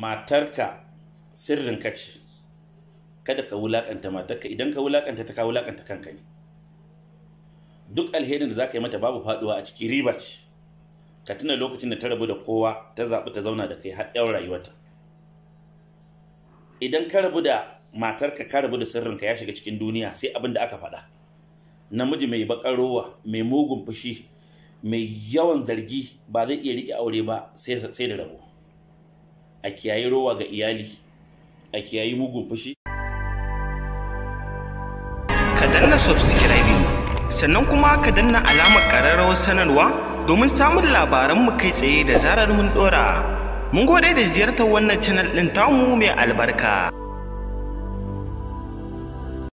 matarka sirrin ce kada ka wulaƙanta matarka idan ka wulaƙanta ta ka wulaƙanta kanka ne duk alherin da za ka yi mata babu faduwa a ciki riba ce ka tuna lokacin da ta rabu da kowa ta zaɓi ta zauna da kai har yawan rayuwarta idan ka rabu da matarka ka rabu da sirrinka ya shiga cikin duniya sai abin da aka faɗa namiji mai baƙar rowa mai mugun fushi mai yawan zargi ba zai iya riƙe aure ba sai da rabo a kiyayi rowa ga iyali a kiyayi mugun fushi ka danna subscribing sannan kuma ka danna alamar ƙararrawar sanarwa domin samun labaranmu kai tsaye da zarar mun ɗora mun gode da ziyartar wannan channel ɗin tamu mai albarka